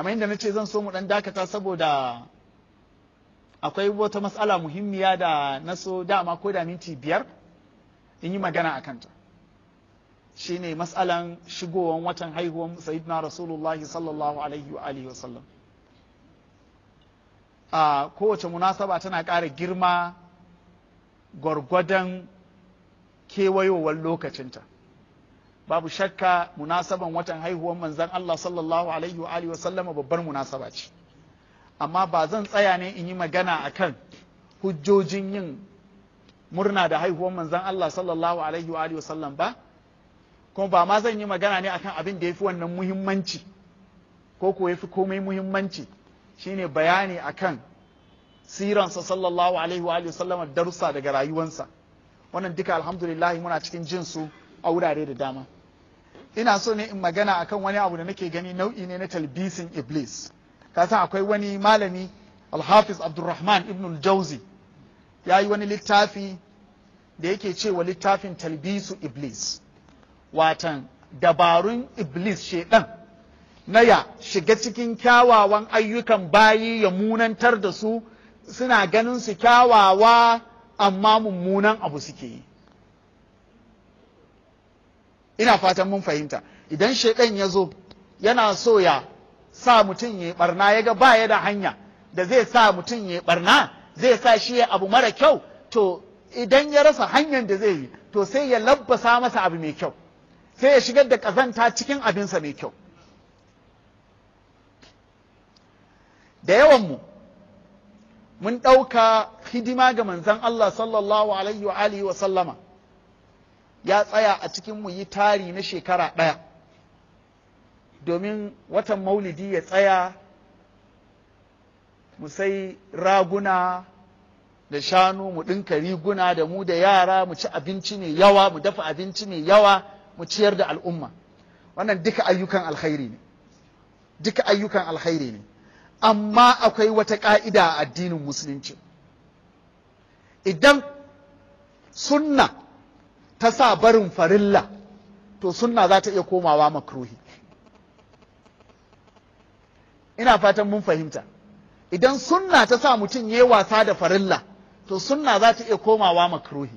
kamar yadda na ce zan so mu ɗan dakata saboda akwai wata matsala muhimmiya da na so dama ko da minti biyar in yi magana a kanta shi ne matsalan shigowan watan haihuwan sayidina rasulullahi sallallahu alaihi wa alihi wasallam a kowace munasaba tana ƙara girma gwargwadon kewayowar lokacinta babu shakka munasaban watan haihuwar manzan Allah sallallahu alaihi wa alihi sallama babbar munasaba ce amma ba zan tsaya ne in yi magana akan hujjojin yin murna da haihuwar manzan Allah sallallahu alaihi wa alihi sallam ba kuma ba ma zan yi magana ne akan abin da yafi wannan muhimmanci ko ko yafi komai muhimmanci shine bayani akan siransa sallallahu alaihi wa alihi sallama darussa daga rayuwansa wannan duka alhamdulillah muna cikin jin su a wurare da dama ina so ne in magana akan wani abu da nake gani nau'i ne na talbisin iblis ka san akwai wani malami alhafiz Abdurrahman ibn jauzi ya yi wani littafi da yake cewa littafin talbisu iblis watan dabarun iblis shedan na ya shiga cikin kyawawan ayyukan bayi ya munantar da su suna ganin su kyawawa amma mummunan abu suke yi ina fatan mun fahimta idan shaidan ya zo yana so ya sa mutum ya barna ya ga baya da hanya da zai sa mutum ya barna zai sa shi ya abu mara kyau to idan ya rasa hanyar da zai yi to sai ya labbasa masa abu mai kyau sai ya shigar da kazanta cikin abinsa mai kyau da yawanmu mun ɗauka hidima ga manzan Allah sallallahu alaihi wa sallama ya tsaya a cikin mu yi tari na shekara ɗaya domin watan maulidi ya tsaya mu sai raguna da shanu mu ɗinka riguna da mu da yara mu ci abinci mai yawa mu dafa abinci mai yawa mu ciyar da al'umma wannan duka ayyukan alkhairi ne duka ayyukan alkhairi ne amma akwai wata ƙa'ida a addinin musulunci idan sunna ta sa barin farilla to sunna za ta iya komawa makruhi ina fatan mun fahimta idan sunna ta sa mutum ya yi wasa da farilla to sunna za ta iya komawa makruhi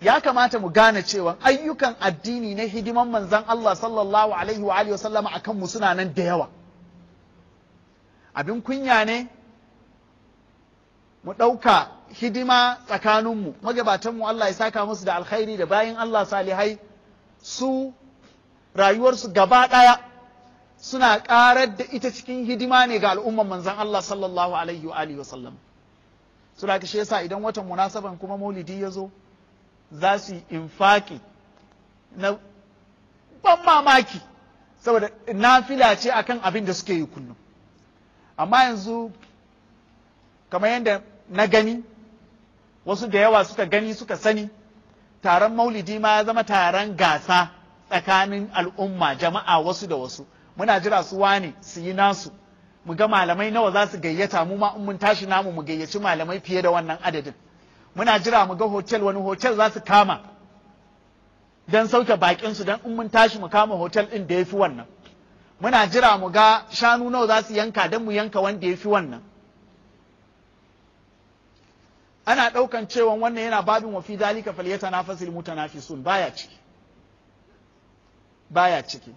ya kamata mu gane cewa ayyukan addini na hidiman manzan Allah sallallahu alaihi wa sallama akan mu suna nan da yawa abin kunya ne mu ɗauka hidima tsakaninmu magabatanmu Allah ya saka musu da alkhairi da bayan Allah salihai su rayuwarsu gaba ɗaya suna ƙarar da ita cikin hidima ne ga al'ummar manzan Allah sallallahu alaihi wa alihi Su suna ka shi yasa idan watan munasaban kuma maulidi ya zo za su yi infaki na ban mamaki saboda nafila ce akan abin da suke yi kullum amma yanzu kamar yadda na gani wasu da yawa suka gani suka sani taron maulidi ma ya zama taron gasa tsakanin al'umma jama'a wasu da wasu muna jira su wane su yi nasu mu ga malamai nawa za su gayyata mu ma mun tashi namu mu gayyaci malamai fiye da wannan adadin muna jira mu ga hotel wani hotel za su kama don sauke bakin su don in mun tashi mu kama hotel ɗin da ya fi wannan muna jira mu ga shanu nawa za su yanka don mu yanka wanda ya fi wannan ana ɗaukan cewa wannan yana babin wa fi dalika fi sun baya ciki baya ciki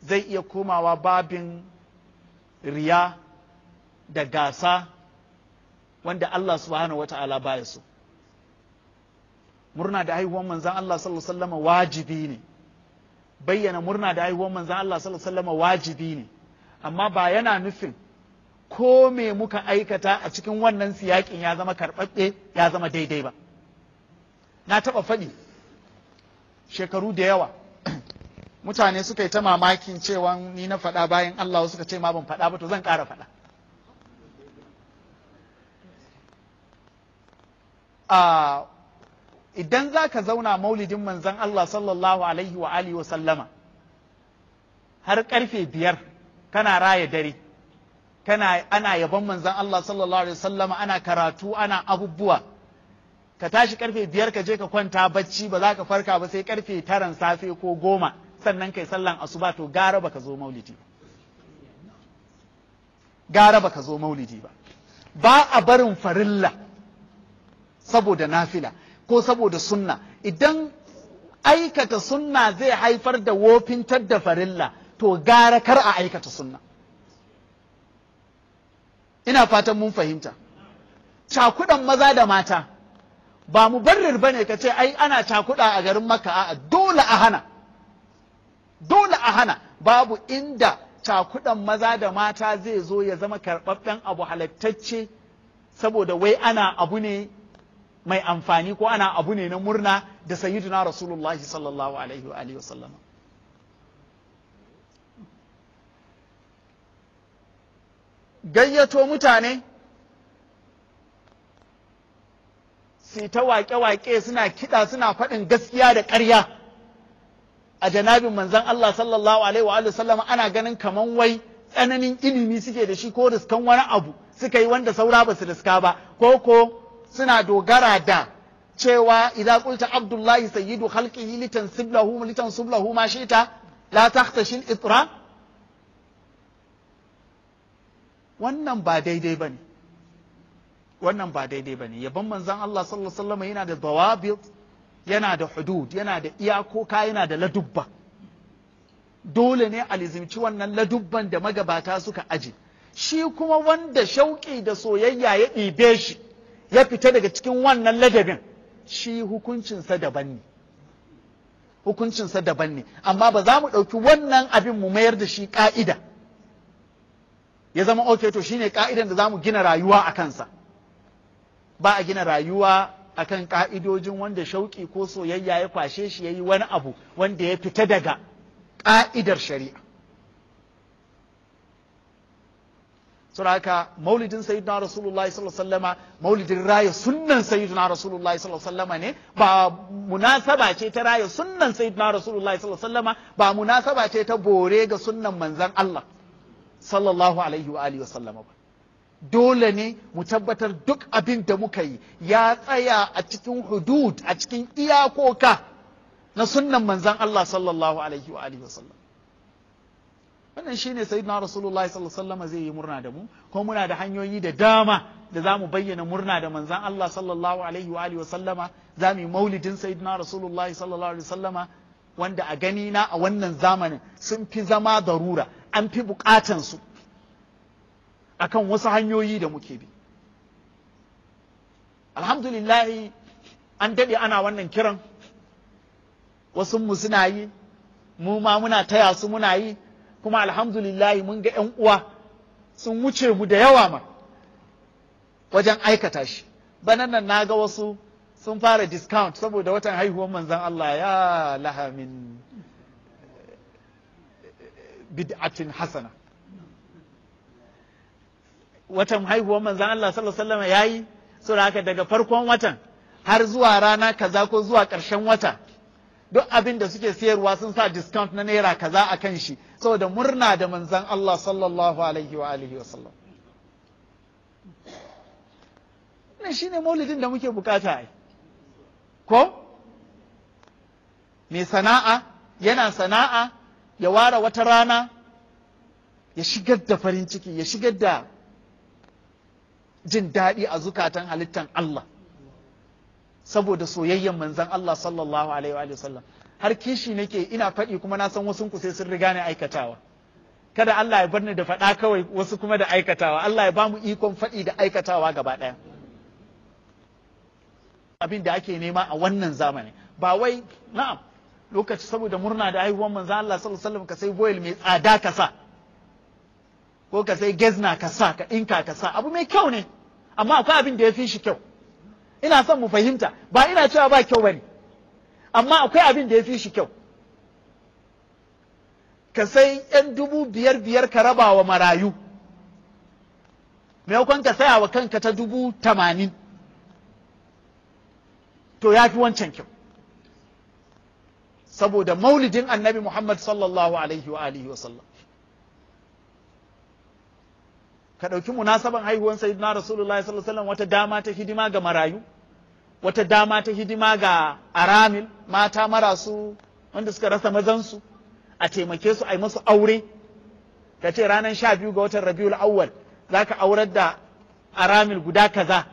zai iya komawa babin riya da gasa wanda Allah subhanahu Taala baya so murna da haihuwar manzan Allah sallallahu alaihi wasallam wajibi ne bayyana murna da haihuwar manzan Allah sallallahu alaihi wasallam wajibi ne amma ba yana nufin ko me muka aikata a cikin wannan siyakin ya zama karɓaɓɓe ya zama daidai ba na taɓa faɗi shekaru da yawa mutane suka yi ta mamakin cewa ni na faɗa bayan Allah suka ce ma ban faɗa ba to zan ƙara faɗa idan za ka zauna maulidin manzan Allah sallallahu alaihi wa alihi wa sallama har ƙarfe biyar kana raya dare kana ana yaban manzon Allah sallallahu alaihi wasallam ana karatu ana abubuwa ka tashi karfe biyar ka je ka kwanta bacci ba za ka farka ba sai karfe taran safe ko goma sannan kai sallan asuba to gara baka zo maulidi ba gara baka zo maulidi ba ba a barin farilla saboda nafila ko saboda sunna idan aikata sunna zai haifar da wofintar da farilla to gara kar a aikata sunna ina fatan mun fahimta cakudan maza da mata ba mu barrir ba ne ka ce ai ana cakuda a garin maka a dole a hana dole a hana babu inda cakudan maza da mata zai zo ya zama karɓaɓɓen abu halittacce saboda wai ana abu ne mai amfani ko ana abu ne na murna da sayyiduna rasulullahi sallallahu alaihi wa alihi gayyato mutane su ta waƙe-waƙe suna kiɗa suna faɗin gaskiya da ƙarya a janabin manzan Allah sallallahu alaihi wa sallam ana ganin kaman wai tsananin ilimi suke da shi ko riskan wani abu suka yi wanda saura ba su riska ba ko ko suna dogara da cewa idan qulta abdullahi sayyidu khalqihi litan siblahu litan ma shita la tahtashin itra wannan ba daidai ba ne. wannan ba daidai ba ne yabon manzon Allah sallallahu alaihi wasallam yana da dawabit yana da hudud yana da iyakoka yana da ladubba dole ne a lizimci wannan ladubban da magabata suka aji. shi kuma wanda shauƙi da soyayya ya ɗibe shi ya fita daga cikin wannan ladabin shi hukuncinsa daban ne hukuncinsa daban ne amma ba za mu ɗauki wannan abin mu mayar da shi ƙa'ida ya zama okay to shine ka'idan da zamu gina rayuwa a kansa ba a gina rayuwa akan ka'idojin wanda shauki ko soyayya ya kwashe shi yayi wani abu wanda ya fita daga ka'idar shari'a suraka maulidin sayyidina rasulullahi sallallahu alaihi wasallama maulidin raya sunnan sayyidina rasulullahi sallallahu alaihi wasallama ne ba munasaba ce ta raya sunnan sayyidina rasulullahi sallallahu alaihi wasallama ba munasaba ce ta bore ga sunnan manzon Allah sallallahu alaihi wa alihi wasallama ba dole ne mu tabbatar duk abin da muka yi ya tsaya a cikin hudud a cikin iyakoka na sunnan manzan Allah sallallahu alaihi wa alihi wasallam wannan shine sayyidina rasulullahi sallallahu alaihi wasallam zai yi murna da mu ko muna da hanyoyi da dama da za mu bayyana murna da manzan Allah sallallahu alaihi wa alihi wasallama za mu yi maulidin sayyidina rasulullahi sallallahu alaihi wasallama wanda a gani na a wannan zamanin sun fi zama darura an fi bukatansu a kan wasu hanyoyi da muke bi alhamdulillahi an daɗe ana wannan kiran wasu mu suna yi mu ma muna taya su muna yi kuma alhamdulillahi mun ga 'yan uwa sun wuce mu da yawa ma wajen aikata shi banan nan na ga wasu sun fara discount saboda watan haihuwar manzan Allah ya lahamin bid'atin hasana watan haihuwar manzan Allah sallallahu alaihi wasallam yayi haka daga farkon watan har zuwa rana kaza ko zuwa ƙarshen wata duk abin da suke sayarwa sun sa discount na naira kaza a kan shi saboda murna da manzan Allah sallallahu alaihi wa alihi wa sallam wannan shine maulidin da muke bukata ai ko mai sana'a yana sana'a ya ware wata rana ya shigar da farin ciki ya shigar da jin daɗi a zukatan halittan Allah saboda soyayyen manzan Allah sallallahu alaihi wa sallam har kishi nake ina faɗi kuma na san wasu sai sun riga ni aikatawa kada Allah ya bar ni da faɗa kawai wasu kuma da aikatawa Allah ya ba mu ikon faɗi da aikatawa gaba ɗaya abin da ake nema a wannan zamani ba wai na'am lokaci saboda murna da haihuwan manzan Allah sallallahu alaihi wasallam ka sai boil mai tsada ka sa ko ka sai gezna ka sa ka inka ka sa abu mai kyau ne amma akwai abin da ya fi shi kyau ina son mu fahimta ba ina cewa ba kyau bane amma akwai abin da ya fi shi kyau ka sai yan dubu biyar biyar ka raba wa marayu maimakon ka saya wa kanka ta dubu tamanin to ya fi wancan kyau saboda maulidin annabi Muhammad sallallahu alaihi wa alihi wa sallam ka ɗauki munasaban haihuwan sayyidina rasulullahi sallallahu alaihi sallam. wata dama ta hidima ga marayu wata dama ta hidima ga aramil mata marasu wanda suka rasa mazansu a taimake su a yi musu aure ka ce ranar sha biyu ga watan rabiul awwal za ka aurar da aramil guda kaza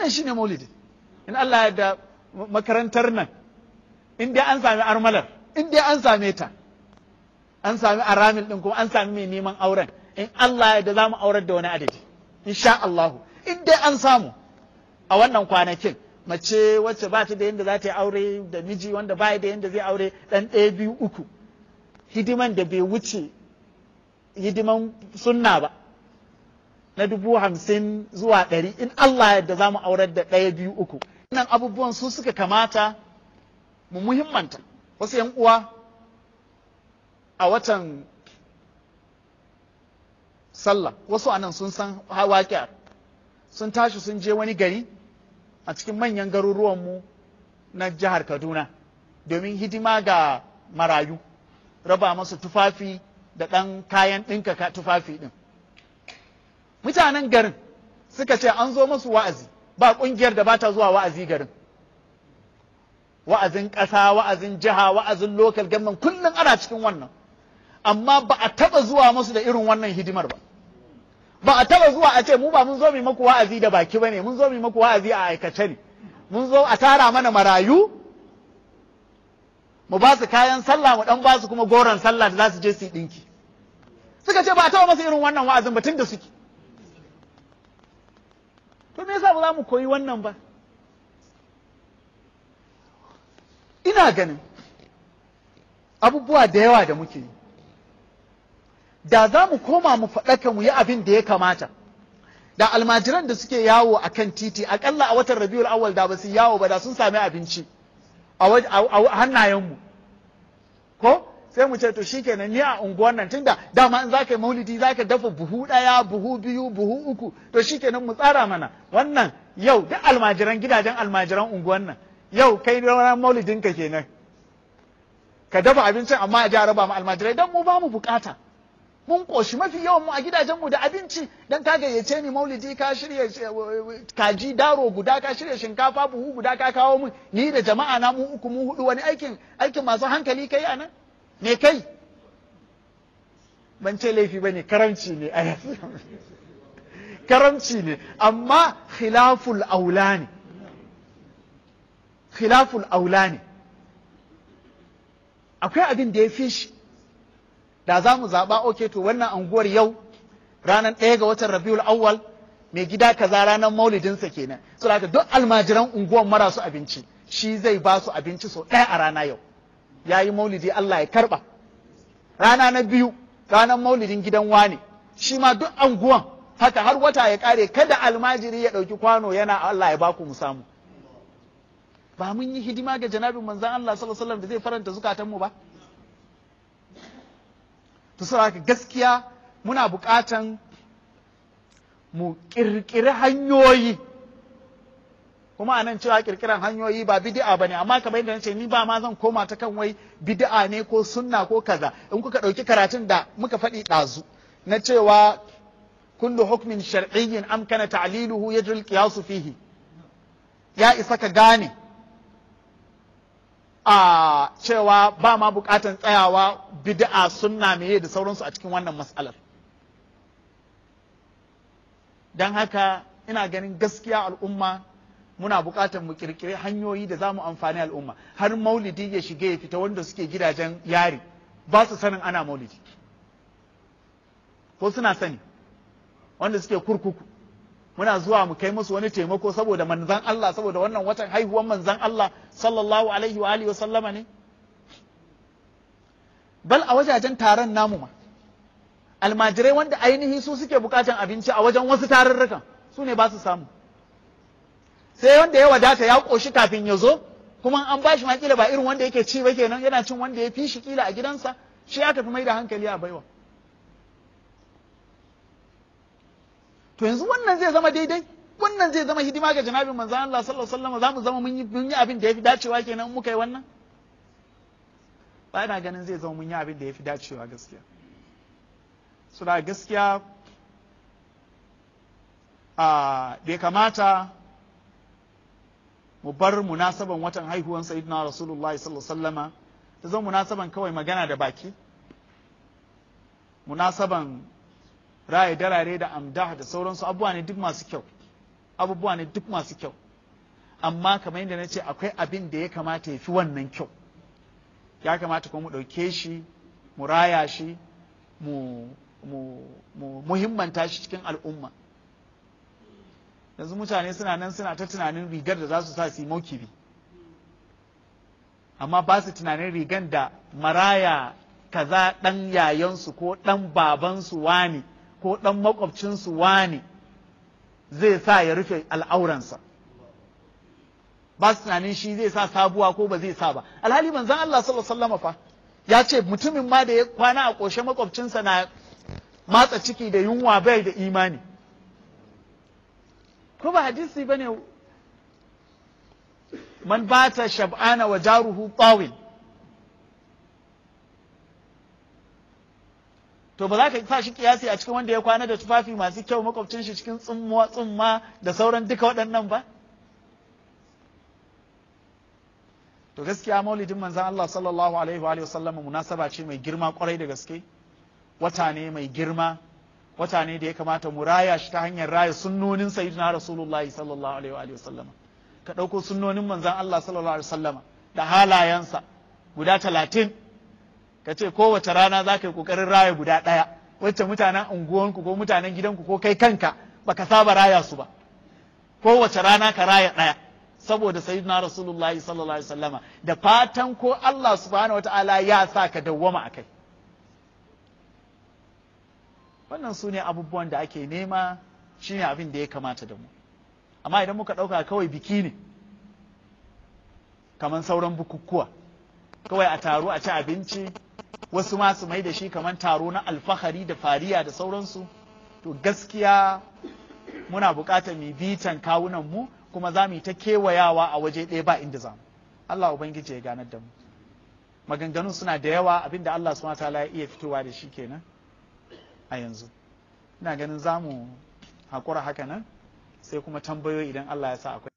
wannan shine maulidi in Allah ya da makarantar nan in dai an sami armalar in dai an same ta an sami aramil din kuma an sami mai neman auren in Allah ya da za aurar da wani adadi insha Allah in dai an samu a wannan kwanakin mace wacce ba ta da yadda za ta yi aure da miji wanda ba da yadda zai aure dan ɗaya biyu uku hidiman da bai wuce hidiman sunna ba na dubu hamsin zuwa ɗari in Allah yadda za mu aurar da ɗaya biyu uku wannan abubuwan su suka kamata mu muhimmanta wasu yan uwa a watan sallah wasu a nan sun san waƙiyar sun tashi sun je wani gari a cikin manyan garuruwanmu na jihar kaduna domin hidima ga marayu raba masu tufafi da ɗan kayan ɗinka tufafi ɗin mutanen garin suka ce an zo masu wa'azi ba ƙungiyar da ba ta zuwa wa'azi garin wa'azin ƙasa wa'azin jiha wa'azin local government kullum ana cikin wannan amma ba a taɓa zuwa masu da irin wannan hidimar ba ba a taɓa zuwa a ce mu ba mun zo mu maku wa'azi da baki ba ne mun zo mu maku wa'azi a aikace ne mun zo a tara mana marayu mu ba su kayan sallah mu dan ba su kuma goron sallah da za su je su yi ɗinki suka ce ba a taɓa masu irin wannan wa'azin ba tun da suke to me yasa ba za mu koyi wannan ba ina ganin abubuwa da yawa da muke yi da za mu koma mu faɗaka mu yi abin da ya kamata da almajiran da suke yawo a kan titi aƙalla a watan rabiul awwal da ba su yawo ba da sun sami abinci a hannayenmu ko sai mu ce to shikenan ni a unguwar nan tunda dama in zaka yi maulidi zaka dafa buhu daya buhu biyu buhu uku to shikenan mu tsara mana wannan yau duk almajiran gidajen almajiran unguwar nan yau kai ranar maulidin ka kenan ka dafa abincin amma a ja ba mu almajirai dan mu ba mu bukata mun koshi mafi yawan mu a gidajen mu da abinci dan ka gayyace ni maulidi ka shirya kaji daro guda ka shirya shinkafa buhu guda ka kawo mun ni da jama'a na mu uku mu hudu wani aikin masu hankali kai anan me kai ban ce laifi ba ne karamci ne a karamci ne amma khilaful aula ne khilaful aula ne akwai abin da ya fi shi da za mu zaɓa oke to wannan anguwar yau ranar ɗaya ga watan rabiul awwal mai gida kaza ranar maulidinsa kenan so duk almajiran unguwar marasu abinci shi zai ba su abinci sau ɗaya a rana yau ya yi maulidi Allah ya karɓa. rana na biyu ranar maulidin gidan wane shi ma duk anguwan haka har wata ya kare kada almajiri ya ɗauki kwano yana Allah ya baku mu samu ba mun yi hidima ga janabin manzan Allah sallallahu alaihi da zai faranta zukatan mu ba to saboda gaskiya muna buƙatan mu ƙirƙiri hanyoyi kuma anan cewa kirkiran hanyoyi ba bid'a bane amma kamar yadda nace ni ba ma zan koma ta kan wai bid'a ne ko sunna ko kaza in kuka dauki karatun da muka faɗi ɗazu na cewa kullu hukmin shar'iyyin amkana ta'liluhu yajri al-qiyas fihi ya isa ka gane a cewa ba ma bukatan tsayawa bid'a sunna meye da sauransu a cikin wannan mas'alar dan haka ina ganin gaskiya al'umma muna buƙatar mu kirkiri hanyoyi da za mu amfani al'umma har maulidi ya shiga ya fita wanda suke gidajen yari ba su sanin ana maulidi ko suna sani wanda suke kurkuku muna zuwa mu kai musu wani taimako saboda manzan Allah saboda wannan watan haihuwar manzan Allah sallallahu alaihi wa alihi wa sallama ne bal a wajajen taron namu ma almajirai wanda ainihi su suke bukatan abinci a wajen wasu tarurrukan su ne ba su samu sai wanda ya wadata ya koshi kafin ya zo kuma an ba shi makila ba irin wanda yake ci ba kenan yana cin wanda ya fi shi kila a gidansa shi ya tafi mai da hankali a baiwa to yanzu wannan zai zama daidai wannan zai zama hidima ga janabin manzo Allah sallallahu alaihi wasallam mu zama mun yi abin da yafi dacewa kenan muka yi wannan ba ina ganin zai zama mun yi abin da yafi dacewa gaskiya so da gaskiya a ah, bai kamata mu bar munasaban watan haihuwan sayyidina rasulullahi sallallahu alaihi ta zama munasaban kawai magana da baki munasaban da darare da amdah da sauransu abubuwa ne duk masu kyau abubuwa ne duk masu kyau amma kamar yadda na ce akwai abin da ya kamata ya fi wannan kyau ya kamata kuma mu ɗauke shi mu raya shi mu muhimmanta shi cikin al'umma yanzu mutane suna nan suna ta tunanin rigar da za su sa su yi amma ba su tunanin rigar da maraya kaza ɗan yayansu ko ɗan babansu wani ko ɗan makwabcinsu wani zai sa ya rufe al'auransa ba su tunanin shi zai sa sabuwa ko ba zai sa ba alhali manzan Allah sallallahu alaihi fa ya ce mutumin ma da ya kwana a ƙoshe makwabcinsa na matsa ciki da yunwa bai da imani ko ba hadisi bane man ba ta shab'ana wa jaruhu tawil to ba za ka sa shi kiyasi a cikin wanda ya kwana da tufafi masu kyau makwabcin shi cikin tsumma tsumma da sauran duka waɗannan ba to gaskiya maulidin manzan Allah sallallahu alaihi wa sallam munasaba ce mai girma kwarai da gaske wata ne mai girma wata ne da ya kamata mu raya shi ta hanyar raya sunnonin sayyidina rasulullahi sallallahu alaihi wa sallam ka ɗauko sunnonin manzon Allah sallallahu alaihi wa sallam da halayensa guda talatin kace ce kowace rana zaka yi kokarin raya guda ɗaya wacce mutanen unguwanku ko mutanen gidanku ko kai kanka baka saba raya su ba kowace rana ka raya ɗaya saboda sayyidina rasulullahi sallallahu alaihi sallam, da fatan ko Allah subhanahu wataala ya sa ka dawwama akai wannan su ne abubuwan da ake nema shine abin da ya kamata da mu amma idan muka ɗauka kawai biki ne kamar sauran bukukuwa kawai a taro a ci abinci wasu ma su mai da shi kamar taro na alfahari da fariya da sauransu to gaskiya muna buƙatar mu bitan kawunan mu kuma za mu yi ta kewayawa a waje ɗaya ba inda za mu Allah ubangiji ya ganar da mu maganganun suna da yawa abinda Allah subhanahu wa ta'ala ya iya fitowa da shi kenan a yanzu ina ganin zamu mu haƙura haka nan sai kuma tambayoyi idan allah ya sa akwai